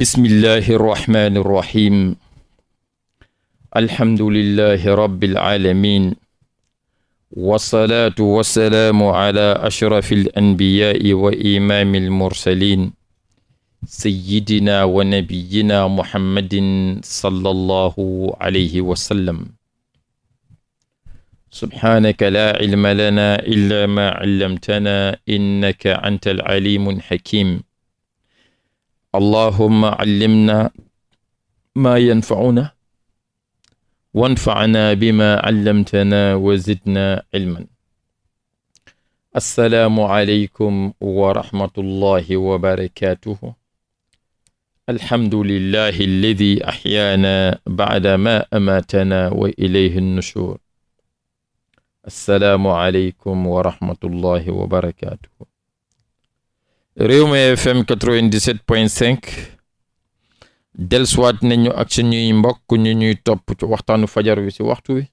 bismillahi irrahmani irrahim alhamdulillahi rabbil alamin wasalaatu wasalaamu ala ashrafi alanbiyaai wa imaami almursalin sayidina wa nabiyina muhammadin sallallahu alayhi wa sallam subhaanaka laa cilma lana illa maa callamtana innaka anta alcalimu alxakim allahumma callimna maa yanfacuna wanfacna bima callamtana wa zidna cilman assalaamu aleykum wa rahmatullahi wa barakaatuhu alhamdulillahi alladi axyaana bacda ma amaatana wa ilayhi nushuur assalaamu aleykum wa rahmatullahi wa barakaatuhu Rewmi FM 97.5 dellusiwaat nañu ak suñuy mbokk ñu ñuy topp ci waxtaanu fajar wi ci waxtu wi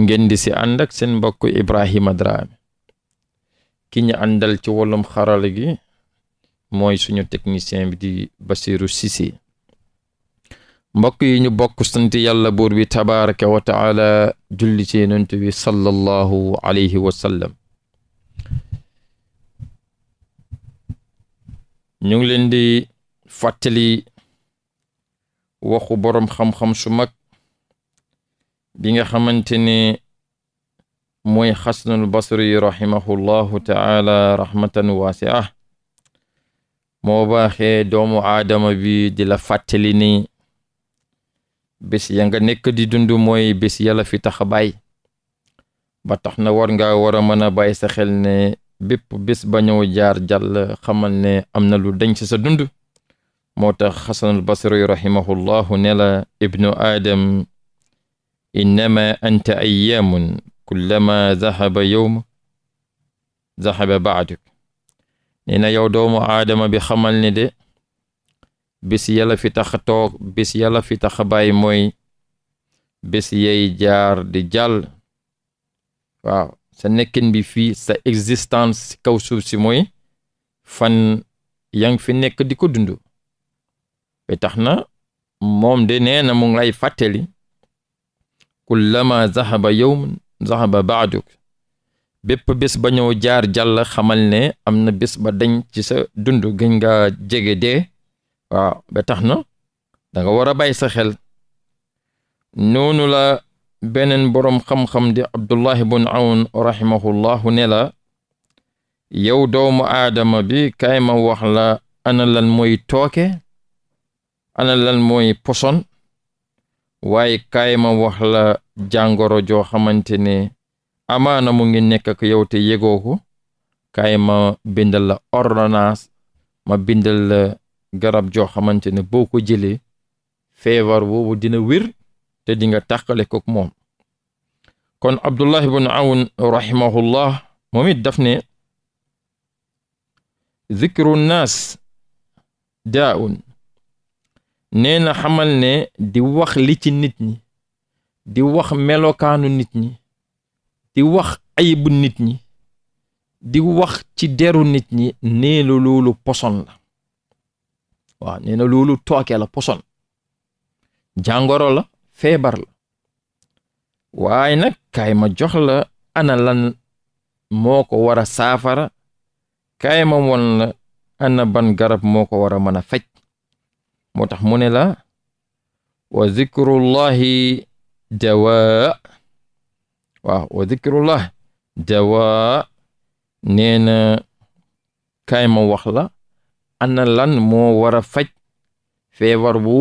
ngeen di si ànd ak seen mbokk Ibrahima Drame ki ñu àndal ci wàllum xarala gi mooy suñu technicien bi di Basirou Cissé mbokk yi ñu bokk sant yàlla buur wi tabaraka wa taala julli ci yonent bi sallallahu alayhi wa ñu ngi leen di fàttali waxu boroom xam-xam su mag bi nga xamante ne mooy xasanul basri rahimahullahu taala rahmatan waasia moo baaxee doomu aadama bi di la fàttali ni bés ya nga nekk di dund mooy bés yàlla fi tax a bàyyi ba tax na war nga war a mën a bàyyi sa xel ne bépp bés ba ñëw jaar jàll xamal ne am na lu denc sa dund moo tax xasanul basri rahimahullahu nela la ibnu aadam innama anta ayyaamun kullama zahaba yowma zahaba baaduk nee na yow doomu aadama bi xamal ne de bis yàlla fi tax a bis yàlla fi tax a bàyyi mooy bés yay jaar di jàll waaw sa nekkin bi fii sa existence si kaw suuf si mooy fan yaa ngi fi nekk di ko dund ba tax na moom de nee na mu ngi lay fàttali kullama yow yawmun zahaba baaduk bépp bés ba ñëw jaar jàll xamal ne am na bés ba dañ ci sa dundu gën nga jege de waaw ba tax na danga nga war a sa xel noonu la beneen boroom xam-xam di abdullahi bun awn rahimahullahu ne la yow doomu aadama bi kaay ma wax la ana lan mooy tooke ana lan mooy poson waaye kaay ma wax la jàngoro joo xamante ne amaana mu ngi nekk ak yow te yegoo ko kaay ma bindal la ordonnance ma bindal la garab joo xamante ne boo ko jëlee feebar boobu dina wir te dinga nga tàqale kook moom kon abdullah ibn awn rahimahullah moom it daf ne zikru naas daawun nee na xamal ne di wax li ci nit ñi di wax melokaanu nit ñi di wax ayibu nit ñi di wax ci deru nit ñi nee na poson la waaw nee na tooke la poson jàngoro la feebar la waaye nag kaay ma jox la ana lan moo ko war a saafara kaay ma won ana ban garab moo ko war a mën a faj moo tax mu ne la wa zikrullahi dawaa waaw wa zikrullah dawaa nee na kaay ma wax la ana lan moo war a faj feebar bu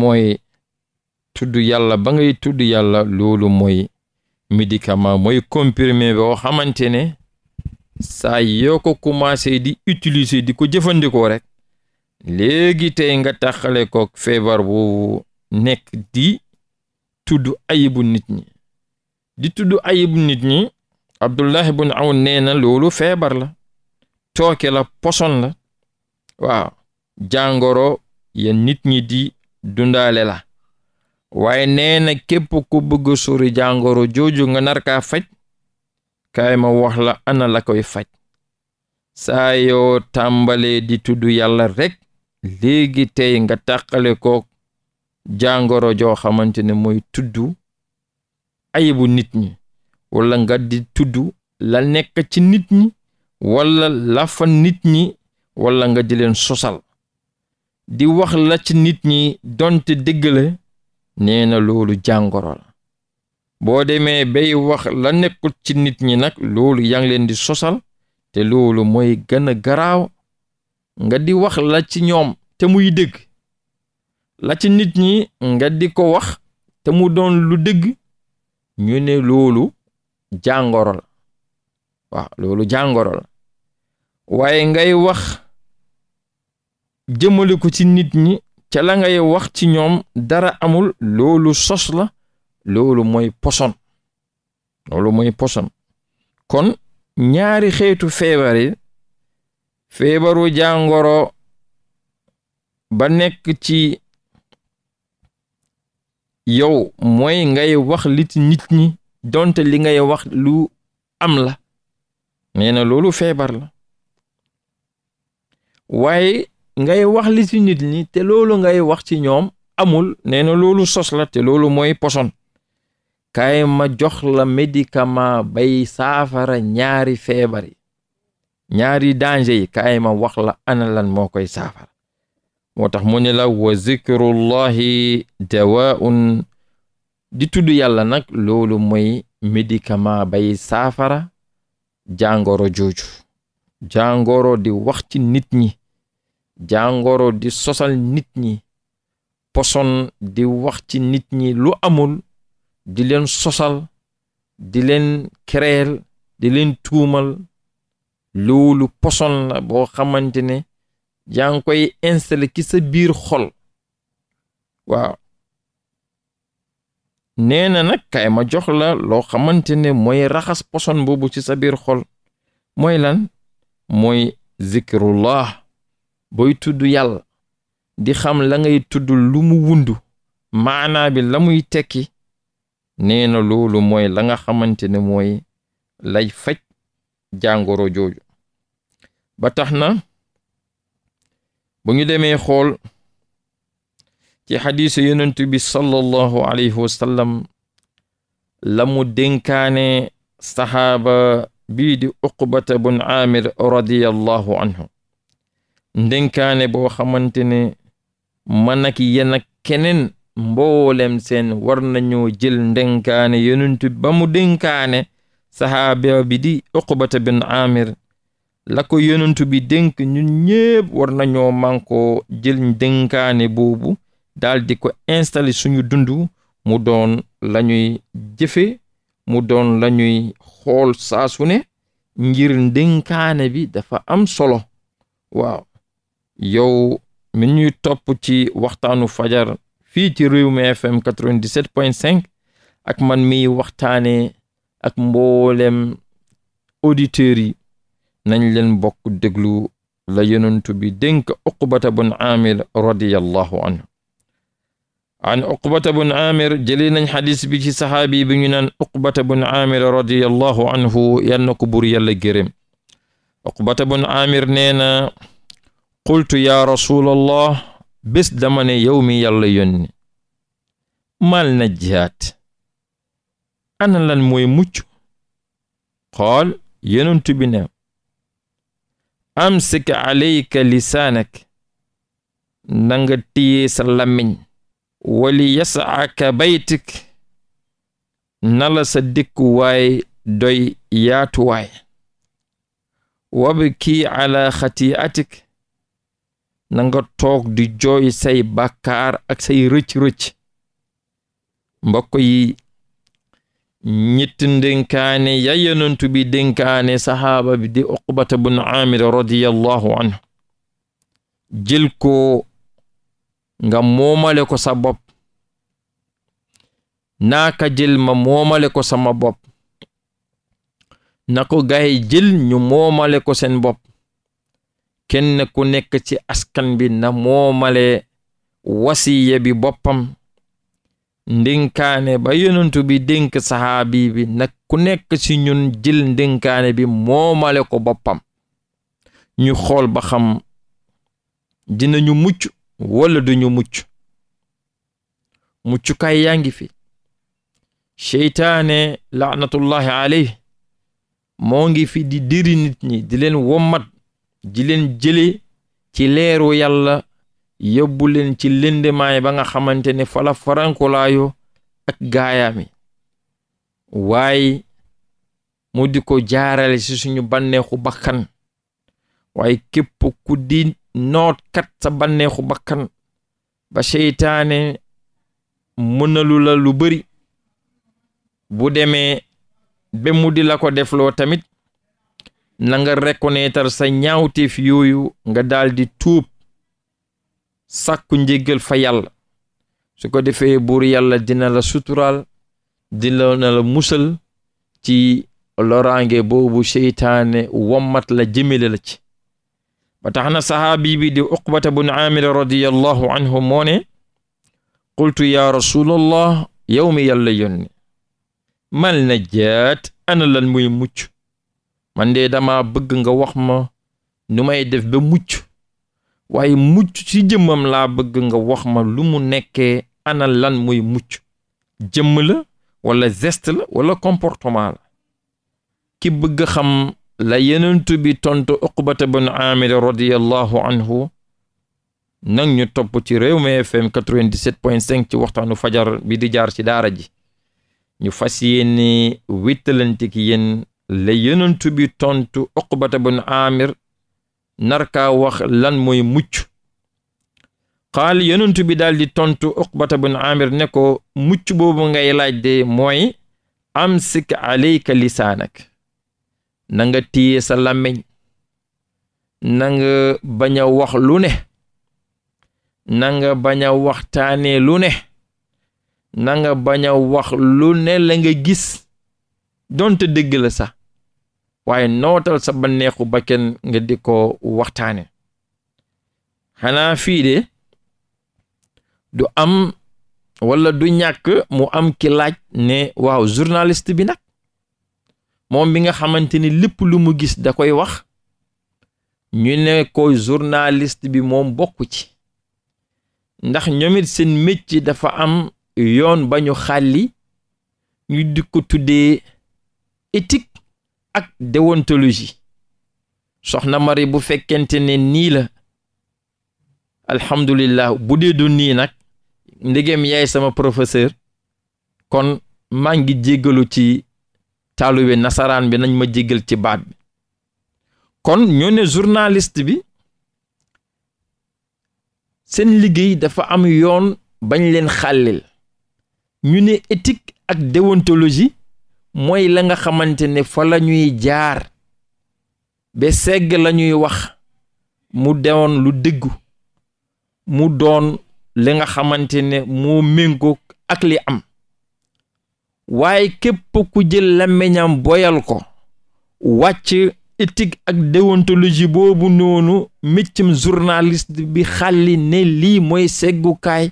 mooy tudd yàlla ba ngay tudd yàlla loolu mooy médicament mooy comprimé boo xamante ne saa yoo ko commencé di utiliser di ko jëfandikoo rek léegi tey nga taxale ko feebar boobu nekk di tudd ayibu nit ñi di tudd ayibu nit ñi Abdullahi bun Awn nee na loolu feebar la tooke la poson la waaw jàngoro ya nit ñi di dundaale la waaye nee képp ku bëgg sori jàngoro jooju nga nar faj kaay ma wax la ana la koy faj saa yoo tàmbalee di tuddu yàlla rekk léegi tey nga tàqale ko jàngoro joo xamante ne mooy tudd ayibu nit ñi walla nga di tudd la nekk ci nit ñi walla la nit ñi walla nga di leen sosal di wax la ci nit ñi donte dëgg la nee loolu jàngoro la boo demee bay wax la nekkul ci nit ñi nag loolu yaa ngi leen di sosal te loolu mooy gëna a garaaw nga di wax la ci ñoom te muy dëgg la ci nit ñi nga di ko wax te mu doon lu dëgg ñu ne loolu jàngoro la waaw jàngoro la ngay wax jëmale ko ci nit ñi ca la ngay wax ci ñoom dara amul loolu sos la loolu moy poson loolu mooy poson kon ñaari xeetu feebar feebaru jàngoro ba nekk ci yow mooy ngay wax li nit ñi donte li ngay wax lu am la nee na loolu feebar la ngay wax li nit ñi te loolu ngay wax ci ñoom amul nee loolu sos te loolu mooy poson kaay ma jox la médicament bay saafara ñaari feebar yi ñaari danger yi kaay ma wax la ana moo koy saafara moo tax mu ne la wa zikrullahi dawaun di tudd yàlla nag loolu moy médicament bay saafara jàngoro jooju jàngoro di wax ci nit ñi jàngoro di sosal nit ñi poson di wax ci nit ñi lu amul di leen sosal di leen kereel di leen tuumal luulu poson la boo xamante ne yaa ngi koy installé ci sa biir xol waaw neena na nag kay ma jox la loo xamante ne mooy raxas poson boobu ci sa biir xol mooy lan mooy zikrullah booy tudd yàlla di xam la ngay tudd lu mu wundu maanaabi bi la muy tekki nee na loolu mooy la nga xamante ne mooy lay faj jàngoro jooju ba tax na bu ñu demee xool ci xadiisu yonent bi sallallahu alayhi wasallam la mu dénkaane saxaaba bii di uqbata bun aamir radiyallahu anhu ndénkaane boo xamante ne man ak yéen keneen mboolem seen war nañoo jël ndénkaane yonent ba mu dénkaane sahaaba bi di uqbata bin amir la ko yonent bi dénk ñun ñépp war nañoo mànkoo jël ndénkaane boobu daal ko installé suñu dundu mu doon la ñuy jëfe mu doon la ñuy xool saasu ne ngir ndénkaane bi dafa am solo waaw yow mi ñu topp ci waxtaanu fajar fii ci Rewmi FM 97.5 ak man mi waxtaane ak mboolem auditeurs yi nañ leen bokk déglu la yonent bi dénk Uqbata bun Amir radiyallahu anhu an Uqbata bun Amir jëlee nañ xadis bi ci saxaabi bi ñu naan Uqbata bun Amir radiyallahu anhu yal na ko buur Uqbata bun Amir nee qultu yaa rasuulallah bés dama ne yow mi yàlla yónni na jihaat ana lan mooy mucc xool yonent bi ne amsik alayka lisaanak na nga téyee sa wali yasaaka baytik na la sa dëkkuwaay doy yaatuwaay wabki ala xatiatik nanga toog di jooy say bàkkaar ak say rëcc-rëcc mbokk yi ñetti ndénkaane ya yonent bi dénkaane saxaaba bi di uqbata bun amir radiyallahu anhu jël ko nga moomale ko sa bopp naaka ma moomale ko sama bopp na ko gaay jël ñu moomale ko seen bopp kenn ku nekk ci askan bi na moomale wasiya bi boppam ndénkaane ba yonentu bi dénk sahaabi bi nag ku nekk ci ñun jël ndénkaane bi moomale ko boppam ñu xool ba xam dinañu mucc wala duñu mucc muccukaay yaa ngi fi seytaane laanatullahi alayhi moo ngi fi di diri nit ñi di leen wommat ji leen jële ci leeru yàlla yóbbu leen ci lëndemaay ba nga xamante ne fala farankulaayo ak gaayaami waaye mu di ko jaarale ci suñu bànneexu bakkan waaye képp ku di nootkat sa banneexu bakkan ba seytaane mënalu la lu bari bu demee ba mu di la ko defloo tamit na nga reconnaître sa ñaawteef yooyu nga daldi di tuub sàkku njéggal fa yàlla su ko defee buur yàlla dina la sutural dina la musal ci loraange boobu seytaane wommat la jëmale la ci ba tax na sahaabi bi di uqbata bun amir radiyallahu anhu moo qultu ya rasulallah yow mi yàlla yónni mal najaat ana lan muy mucc man de dama bëgg nga wax ma nu may def ba mucc waaye mucc ci jëmmam laa bëgg nga wax ma lu mu nekkee ana lan muy mucc jëmm la wala geste la wala comportement la ki bëgg xam la yenentu bi tontu uqbata bin amir radiyallahu anhu nag ñu topp ci Rewmi FM 97.5 ci waxtaanu fajar bi di jaar ci daara ji ñu fas yéene wéttalante ki la yonent bi tontu uqbata bun aamir narkaa wax lan mooy mucc xaal yonent bi daal di tontu uqbata bun aamir ne ko mucc boobu ngay laaj de mooy amsik aleyka lisaanak na nga téye sa làmmiñ na wax lu ne nanga nga bañ a lu ne nanga nga bañ wax lu ne la nga gis donte dëgg la sax waaye nootal sa banneexu bakken nga di ko waxtaane xanaa fii de du am walla du ñàkk mu am ki laaj ne waaw journaliste bi nag moom bi nga xamante ni lépp lu mu gis da koy wax ñu ne ko journaliste bi moom bokk ci ndax ñoom seen métier dafa am yoon bañu ñu xàlli ñu di ko tuddee éthique ak déontologie soxna mari bu fekkente ne nii la alhamdulillah bu dee du nii nag ndegem yaay sama professeur kon maa ngi jéggalu ci taaluwe nasaraan bi nañ ma jéggal ci baat bi kon ñoo ne journaliste bi seen liggéey dafa am yoon bañ leen xàllil ñu ne etik ak déontologie mooy la xamante ne fa lañuy jaar ba segg lañuy wax mu dewoon lu dëggu mu doon li nga xamante ne moo méngoo ak li am waaye képp ku jël làmmiñam boyal ko wàcc éthique ak déontologie boobu noonu méccam journaliste bi xàlli ne lii mooy seggukaay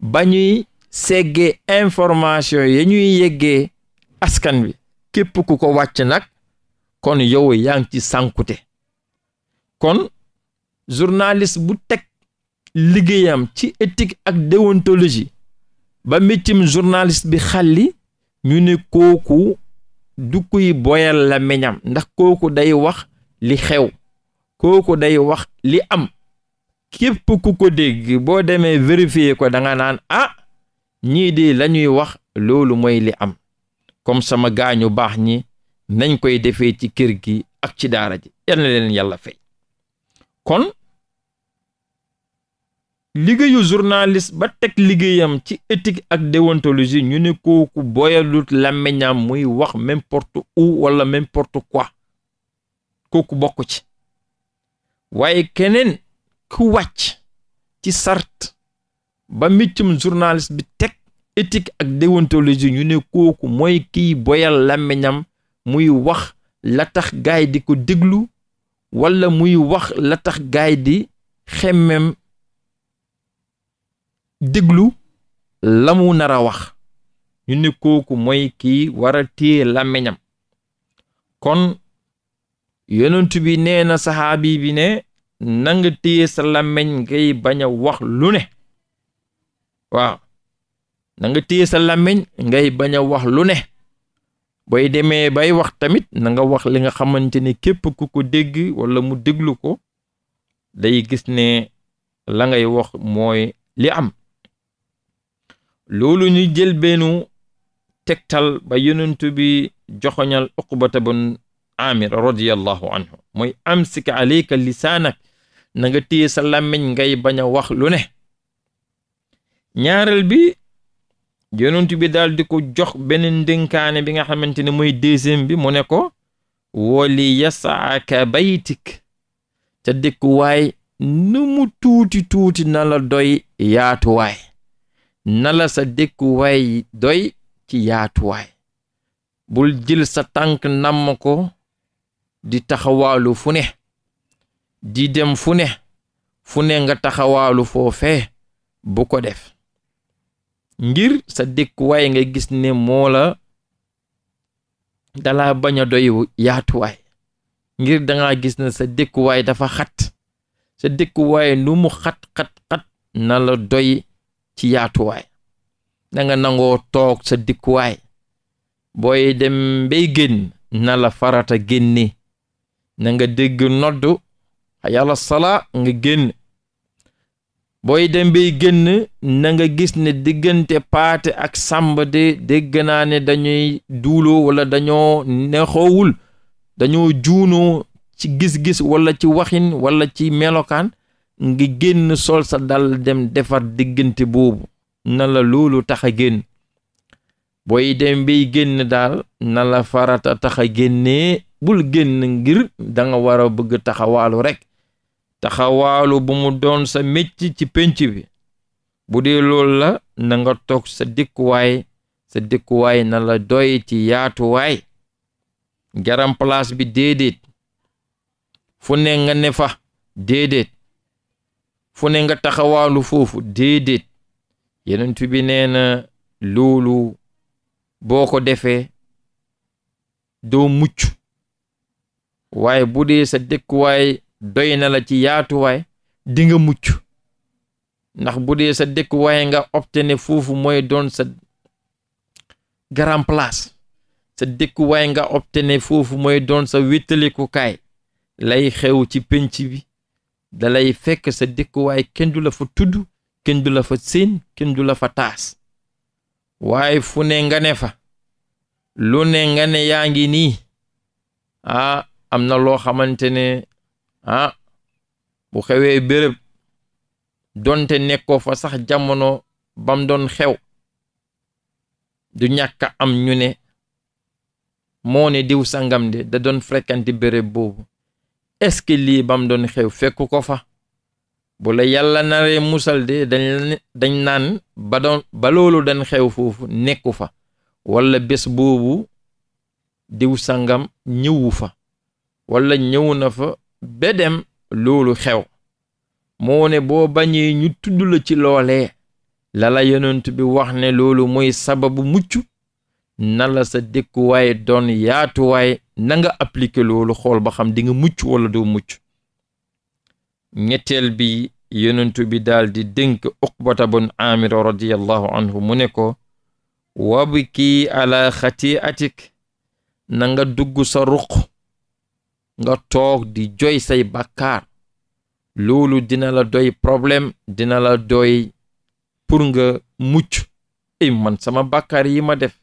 ba ñuy seggee information ya ñuy yeggee askan wi képp ku ko wàcc nag kon yow yaa ngi ci sànkute kon journaliste bu teg liggéeyam ci éthique ak déontologie ba méccim journaliste bi xalli ñu ne kooku du kuy boyal la meñam ndax kooku day wax li xew kooku day wax li am képp ku ko dégg boo demee vérifier ko da naan ah ñii di lañuy wax loolu mooy li am comme sama gaañu baax ñi nañ koy defee ci kër gi ak ci daara ji yal na yàlla fay kon liggéeyu journaliste ba teg liggéeyam ci éthique ak déontologie ñu ne kooku boyalut làmmiñam muy wax n'importe où wala n'importe quoi kooku bokk ci waaye keneen ku wàcc ci sart ba miccum journaliste bi teg éthique ak déontologie ñu ne kooku mooy kiy boyal làmmiñam muy wax la tax gaay di ko déglu walla muy wax la tax gaay di xemmem déglu la mu wax ñu ne moy mooy kii war a téye kon yonent bi nee na saxaabi bi ne nanga téye sa làmmiñ ngay bañ wax lu ne waaw nanga nga téye sa làmmiñ ngay bañ a wax lu ne booy demee bay wax tamit na nga wax li nga xamante ne képp ku ko dégg walla mu déglu ko day gis ne la ngay wax mooy li am loolu ñu jël bennu tegtal ba yonentu bi joxoñal uqbata bun amir radiyallahu anhu mooy amsik aleyka lisaanak na nga téye sa làmmiñ ngay baña wax lu ne bi yonent bi daldi di ko jox beneen ndénkaane bi nga xamante ne mooy deuxième bi mu ne ko woli yasaaka baytik ca dëkkuwaay nu mu tuuti tuuti na doy yaatuwaay na la sa dëkkuwaay doy ci yaatuwaay bul jël sa tànk namm ko di taxawaalu fu ne di dem fu ne fu ne nga taxawaalu foofe bu ko def ngir sa dëkkuwaay nga gis ni moo la dalaa bañ a doy yaatuwaay ngir dangaa gis ne sa dëkkuwaay dafa xat sa dëkkuwaay lu mu xat xat xat na doy ci yaatuwaay na nangoo toog sa dëkkuwaay booy dem bay génn nala farata génne na nga dégg nodd yàlla sala nga génn booy dem bay génn nanga gis ne diggante paate ak sàmba de dégg dañuy duuloo walla dañoo neexoowul dañoo juunoo ci gis-gis walla ci waxin wala ci melokaan ngi génn sol sa dal dem defar diggante boobu na la loolu tax a génn booy dem bay génn daal na farata tax a génnee bul génn ngir danga war a bëgg taxawaalu rekk taxawaalu bu mu doon sa mecc ci pénc bi bu dee loolu la na nga toog sa dëkkuwaay sa dëkkuwaay na la doy ci yaatuwaay garam place bi déedéet fu ne ne fa déedéet fu ne nga taxawaalu foofu déedéet yenentu bi neena luulu loolu boo ko defee doo mucc waaye bu dee sa dëkkuwaay doy na la ci yaatuwaay dinga mucc ndax bu dee sa dëkkuwaay nga opté ne foofu mooy doon sa grand place sa dëkkuwaay nga opté ne foofu mooy doon sa wéttalikukaay lay xew ci pénc bi dalay fekk sa dëkkuwaay kenn du la fa tudd kenn du la fa séen kenn du la fa taas waaye fu ne nga ne fa lu ne nga ne yaa ngi nii ah am na loo xamante ne ah bu xewee béréb donte nekkoo fa sax jamono bam doon xew du ñàkk am ñu ne moone diw sangam de da doon fréquenté bërëb boobu est-ce lii bam doon xew fekku ko fa bu la yàlla naree musal de dañ naan ba doon ba loolu xew foofu nekku fa walla bés boobu diw sangam ñëwu fa walla ñëw fa bedem loolu xew moo boo bañee ñu tudd la ci loolee lala yonent bi wax ne loolu moy sababu mucc na la sa dëkkuwaay doon yaatuwaay na nga loolu xool ba xam dinga nga mucc wala doo mucc ñetteel bi yonent bi daal dénk uqbata bun aamir radiyallahu anhu mu ne ko wabki ala xatiatik na nga dugg sa ruq nga toog di joy say bakkaar loolu dina la doy problème dina la doy pour nga mucc ey man sama bàkkaar yi ma def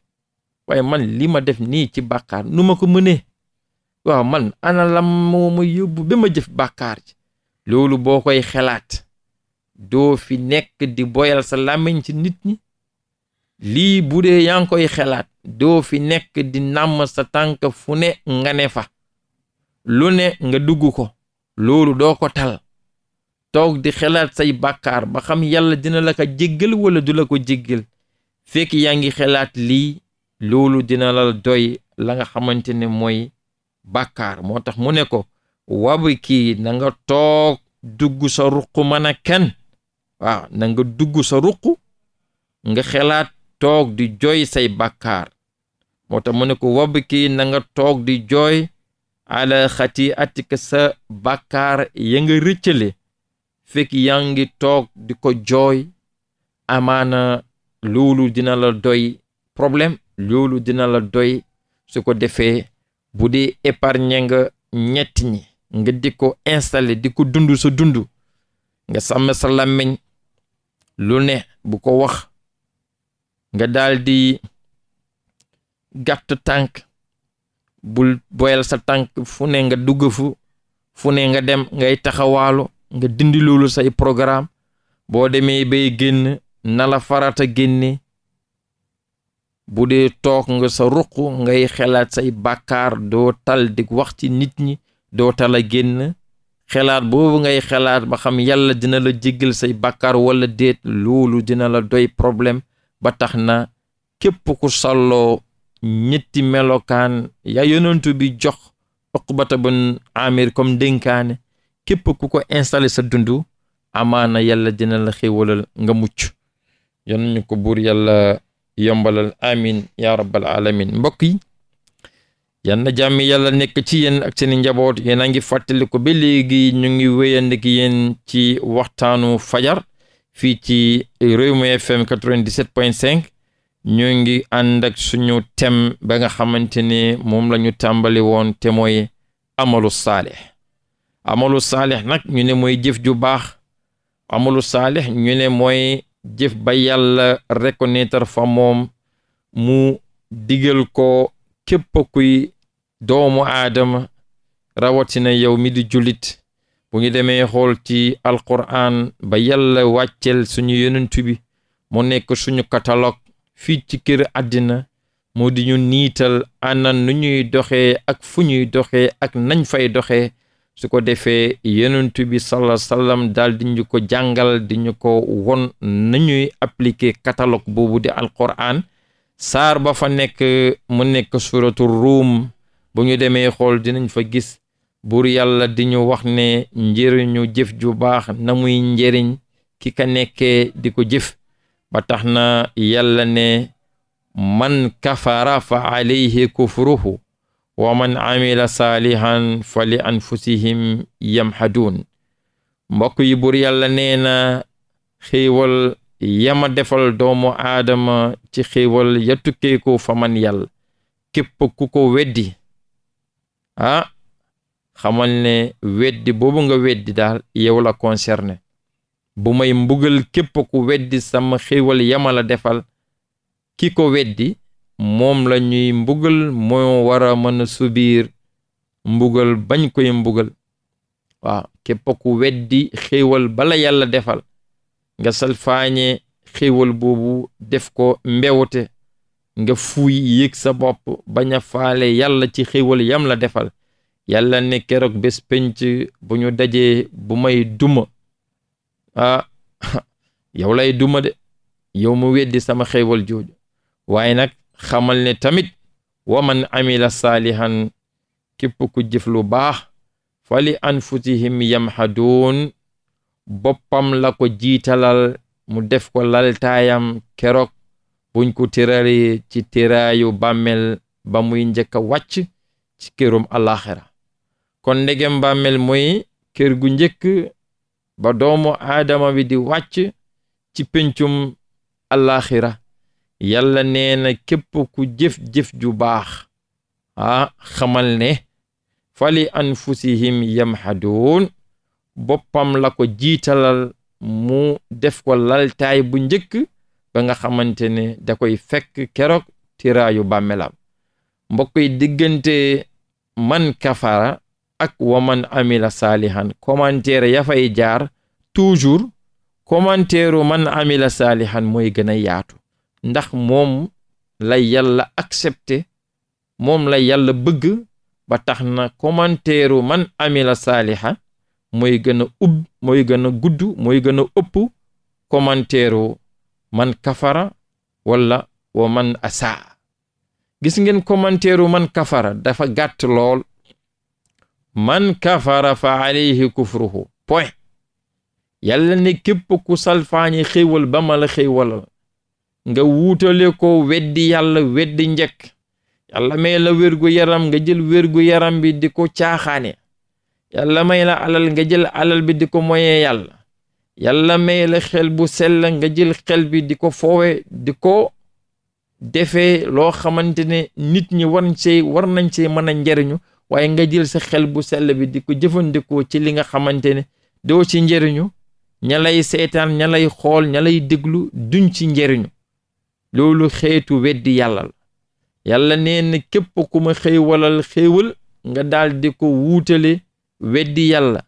waaye man lii ma def nii ci bàkkaar nu ma ko mënee waaw man ana la moo ma yóbbu ba ma jëf bàkkaar ji loolu boo koy xalaat doo fi nekk di boyal sa làmmiñ ci nit ñi lii bu dee yaa ngi koy xelaat doo fi nekk di nàmm sa tànk fu ne nga ne fa lu ne nga dugg ko loolu doo ko tal toog di xelaat say bakkaar ba xam yàlla dina la ko jéggal wala du la ko jiggal fekk yaa ngi xelaat lii loolu dina la doy la nga xamante ne mooy bàkkaar moo tax mu ne ko wabu ki nanga nga toog dugg sa ruq mën a kenn waaw nanga nga dugg sa ruq nga xelaat toog di joy say bakkaar moo tax mu ne ko wabu kii na toog di jooy ala xati atika sa bàkkaar ya nga rëccale fekk yaa ngi toog di ko jooy amaana loolu dina la doy problème loolu dina la doy su ko defee bu dee épargne nga ñett ñi nga di ko installé di ko dund sa dund nga sa sa làmmiñ lu ne bu ko wax nga daal di gàtt tànk bul boyal sa tànk fu ne nga dugg fu fu ne nga dem ngay taxawaalu nga dindi loolu say programme boo demee bay génn nala la a génne bu dee toog nga sa ruq ngay xelaat say bàkkaar doo tal di wax ci nit ñi doo tal a génn xelaat boobu ngay xelaat ba xam yàlla dina la jéggal say bàkkaar wala déet loolu dina la doy problème ba tax na képp ku salloo ñetti melokaan ya yonentu bi jox uqbata bun amir comme dénkaane képp ku ko installe sa dundu amaana yàlla dina la xéwalal nga mucc yal ko buur yàlla yombalal amin ya rabbal alamin mbokk yi yan na jàmm yàlla nekk ci yéen ak seen njaboot yéen a ngi fàttali ko ba léegi ñu ngi wéyandi ki yéen ci waxtaanu fajar fii ci Rewmi FM 97.5 ñu ngi ànd suñu tem ba nga xamante ne moom la ñu tàmbali woon te mooy amalu saalix amalu saalix nag ñu ne mooy jëf ju baax amalu saalix ñu ne mooy jëf ba yàlla reconnaître fa moom mu digal ko képp kuy doomu aadama rawatina yow mi di julit bu ñu demee xool ci alquran ba yàlla wàccel suñu yonent bi mu nekk suñu katalog fii ci kër àddina moo di ñu niital ana nu ñuy doxee ak fu ñuy doxee ak nañ fay doxee su ko defee yonent bi sallallahu alayhi wasallam ñu ko jàngal di ñu ko won nañuy appliquer catalogue boobu di alquran saar ba fa nekk mu nekk suratu ruum bu ñu demee xool dinañ fa gis buur yàlla di ñu wax ne njëriñu jëf ju baax namuy njëriñ ki ka nekkee di ko jëf ba tax na yàlla ne man kafara fa alayhi kufruhu wa man amila saalihan fa li anfusihim yamhaduun mbokk yi bur yàlla nee na yama defal doomu aadama ci xéewal ya tukkeeko fa man yàlla képp weddi ah xamal ne weddi boobu nga weddi daal yow la concerné bu may mbugal képp ku weddi sama xéewal la defal ki ko weddi moom la ñuy mbugal moo war a mën a subir mbugal bañ koy mbugal waaw képp ku weddi xéewal bala yàlla defal nga salfaañe xéewal boobu def ko mbewte nga fuy yëg sa bopp bañ a faale yàlla ci xéewal yam la defal yàlla ne keroog bés bu ñu dajee bu may duma ah yow lay duma de yow mu weddi sama xéewal jooju waaye nag xamal ne tamit wa man amila saalihan képp ku jëf lu baax fali anfusihim yamhaduun boppam la ko jiitalal mu def ko laltaayam keroog buñ ko tërari ci tëraayu bàmmel ba muy njëkk wàcc ci kërum alaxira kon ndegem bàmmel mooy kër gu njëkk ba doomu aadama bi di wàcc ci péncum alaxira yàlla nee na képp ku jëf-jëf ju baax ah xamal ne fali anfusihim yamhaduun boppam la ko jiitalal mu def ko laltaay bu njëkk ba nga xamante ne da koy fekk keroog tiraayu bàmmelam mbokk yi diggante man kafara ak waman amila saalihan commentaire ya fay jaar toujours komanteeru man amila saalihan mooy gën a yaatu ndax moom lay yàlla accepté moom la yàlla bëgg ba tax na commentaire man amila saaliha mooy gën a ubb mooy gën a gudd mooy gën a ëpp commentaire man kafara wala wa man asaa gis ngeen commentaire man kafara dafa gàtt lool man kafara fa alayhi kufruhu point yàlla ne képp ku salfaañi xéewal ba ma la nga wuutale ko weddi yàlla weddi njëkk yàlla may la wérgu yaram nga jël wérgu yaram bi di ko caaxaane yàlla may la alal nga jël alal bi di ko moye yàlla yàlla may la xel bu sell nga jël xel bi di ko foowe di ko defe loo xamante ne nit ñi war nañ war nañ see mën a njariñu waaye nga jël sa xel bu sell bi di ko jëfandikoo ci li nga xamante ne doo ci njëriñu ña lay seetaan ña lay xool ña lay déglu duñ ci njëriñu loolu xeetu weddi yàlla la yàlla nee na képp ku ma xéewalal xéewal nga daal ko wuutale weddi yàlla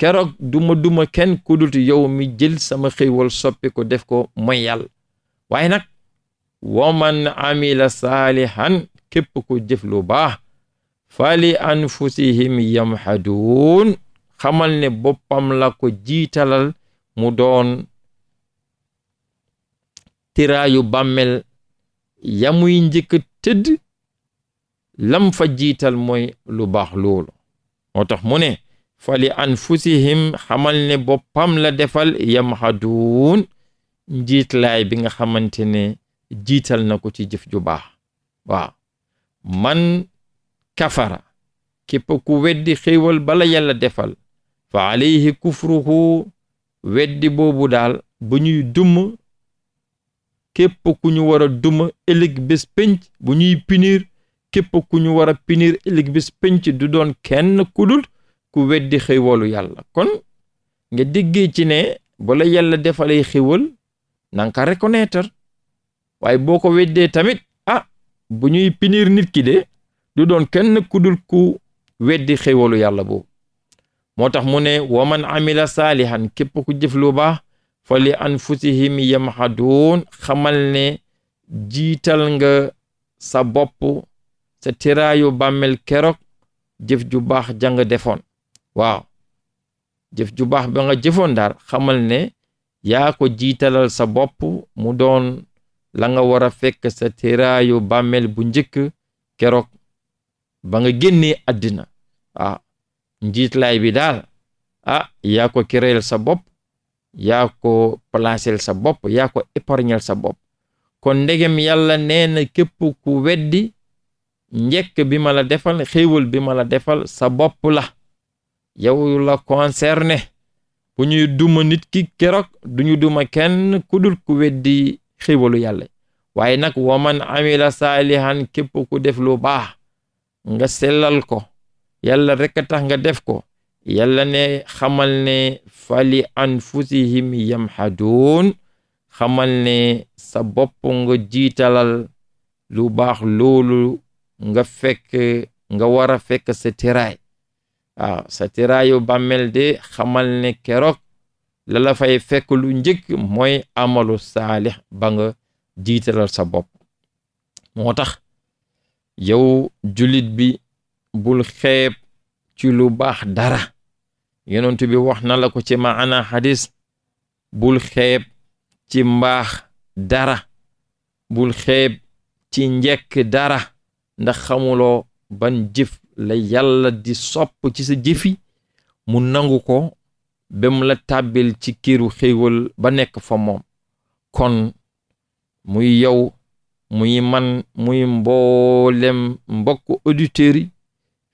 keroog duma duma kenn ku dut yow mi jël sama xéewal soppi ko def ko mooy yàlla waaye nag waman amila saalihan képp ko jëf lu baax fali anfusihim yamhaduun xamal ne boppam la ko jiitalal mu doon tiraayu bammel yamuy njëkk tëdd lam fa jiital mooy lu baax loolu moo tax mu ne fali anfusihim xamal ne boppam la defal yamhaduun njiitlaay bi nga xamante ne jiital na ko ci jëf ju baax waaw kafara képp ku weddi xéewal bala yàlla defal fa alayhi weddi boobu daal bu ñuy dumm képp ku ñu war a duma ëllëg bés bu ñuy pinir képp ku ñu war a pinir ëllëg du doon kenn ku dul ku weddi xéewalu yàlla kon nga déggee ci ne bala yàlla defalee xéewal nanga ka way waaye boo ko weddee tamit ah bu ñuy pinir nit ki de du doon kenn ku dul ku weddi xéwalu yàlla boobu moo tax mu ne wa man amila saalihan képp ku jëf lu baax fa li anfusihim yamhaduun xamal ne jiital nga sa bopp sa tiraayu bàmmel keroog jëf ju baax jàng defoon waaw jëf ju baax ba nga jëfoon daal xamal ne yaa ko jiitalal sa bopp mu doon la nga war a fekk sa tiraayu bu njëkk keroog ba nga génnee àddina ah njiitlaay bi daal ah yaa ko créel sa bopp yaa ko placel sa bopp yaa ko épargnel sa bopp kon ndegem yàlla nee na képp ku weddi njëkk bi ma la defal xéewal bi ma defal sa bopp la yow la concerné bu ñuy duma nit ki duñu duma kenn ku dul ku weddi xéewalu yàlla waaye nag waman amila saalihan képp ku def lu baax nga sellal ko yàlla rek tax nga def ko yalla ne xamal ne fali anfusihim yamhaduun xamal ne sa bopp nga jiitalal lu baax loolu nga fekk nga war a fekk sa tiraay waaw tiraayu bàmmel de xamal ne keroog lala la fay fekk lu njëkk mooy amalu saalix ba nga jiitalal sa bopp moo tax yow julit bi bul xeeb ci lu baax dara yonent bi wax na la ko ci maana xadis bul xeeb ci mbaax dara bul xeeb ci njekk dara ndax xamuloo ban jëf la yàlla di sopp ci sa jifi mu nangu ko ba mu la tàbbil ci kiiru xéewal ba nekk fa moom kon muy yow muy man muy mboolem mbokk auditeurs yi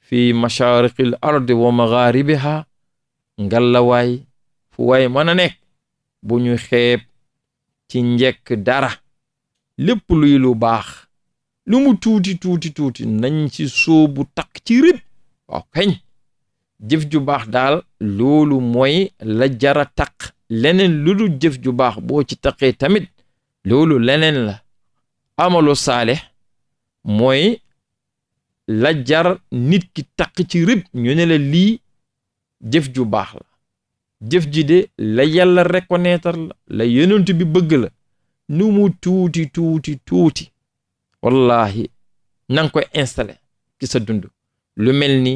fii mashaariqil ardi wa maghaaribiha ngallawaay fu waay mën a nekk bu ñu xeeb ci njekk dara lépp luy lu baax lu mu tuuti tuuti tuuti nañ ci sóobu takk ci rib waaw kañ jëf ju baax daal loolu mooy la jara takk leneen lu dul jëf ju baax boo ci taqee tamit loolu leneen la amalu saale mooy la jar nit ki taq ci rib ñu ne la lii jëf ju baax la jëf ji de la yàlla reconnaître la la yonent bi bëgg la nu tuuti tuuti tuuti wallahi nanga koy installé ci sa dund lu mel ni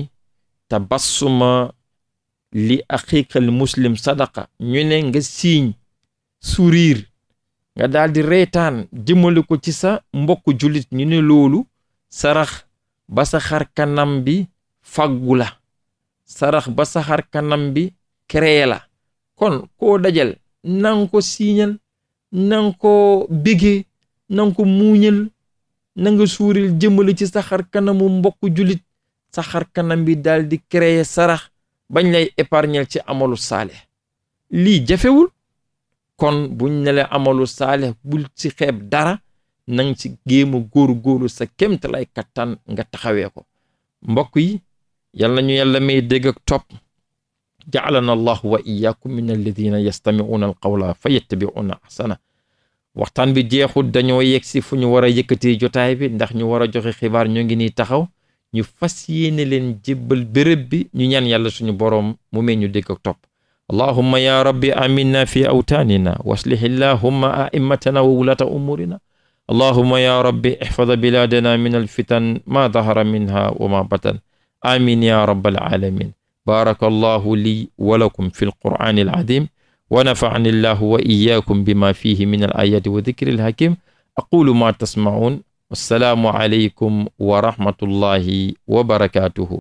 tabassuma li aqiqal muslim sadaqa ñu nga siiñ sourire nga daal di reetaan dimbali ko ci sa mbokku julit ñu ne loolu sarax ba sa xar kanam bi faggu la sarax ba sa xar kanam bi crée la kon koo dajal nang ko siiñal nang ko bégee muuñal nanga suuril jëmale ci sa xar kanamu mbokku julit sa xar kanam bi daal di créer sarax bañ lay épargnel ci amalu saale lii jafewul kon bu ne la amalu saale bul ci xeeb dara nang ci géem a góor-góorlu sa kémtalay kattan nga taxawee ko mbokk yi yàlla ñu yàlla may dégg ak topp jaalana allahu wa iyaakum min alladina yastamiuuna alqawla fa yattabiuuna ahsana waxtaan bi jeexul dañoo yegg si fu ñu war a yëkkatee jotaay bi ndax ñu war a joxe xibaar ñoo ngi nii taxaw ñu fas yéene leen jébbal béréb bi ñu ñaan yàlla suñu boroom mu may ñu dégg ak topp allahuma ya rabbi aminna fi awtaanina w aslih illahuma aimatana wa wulata umuurina allahuma ya rabbi ihfad bilaadana min alfitan ma dahara minha wa ma batan amin ya rabbal alamin baraka allahu lii wa lakum fi alqur'ani alazim wa nafa'ani allahu wa iyyakum bima fihi min alayati wa dhikri alhakim aqulu ma tasma'un wassalaamu alaykum wa rahmatullahi wa barakatuhu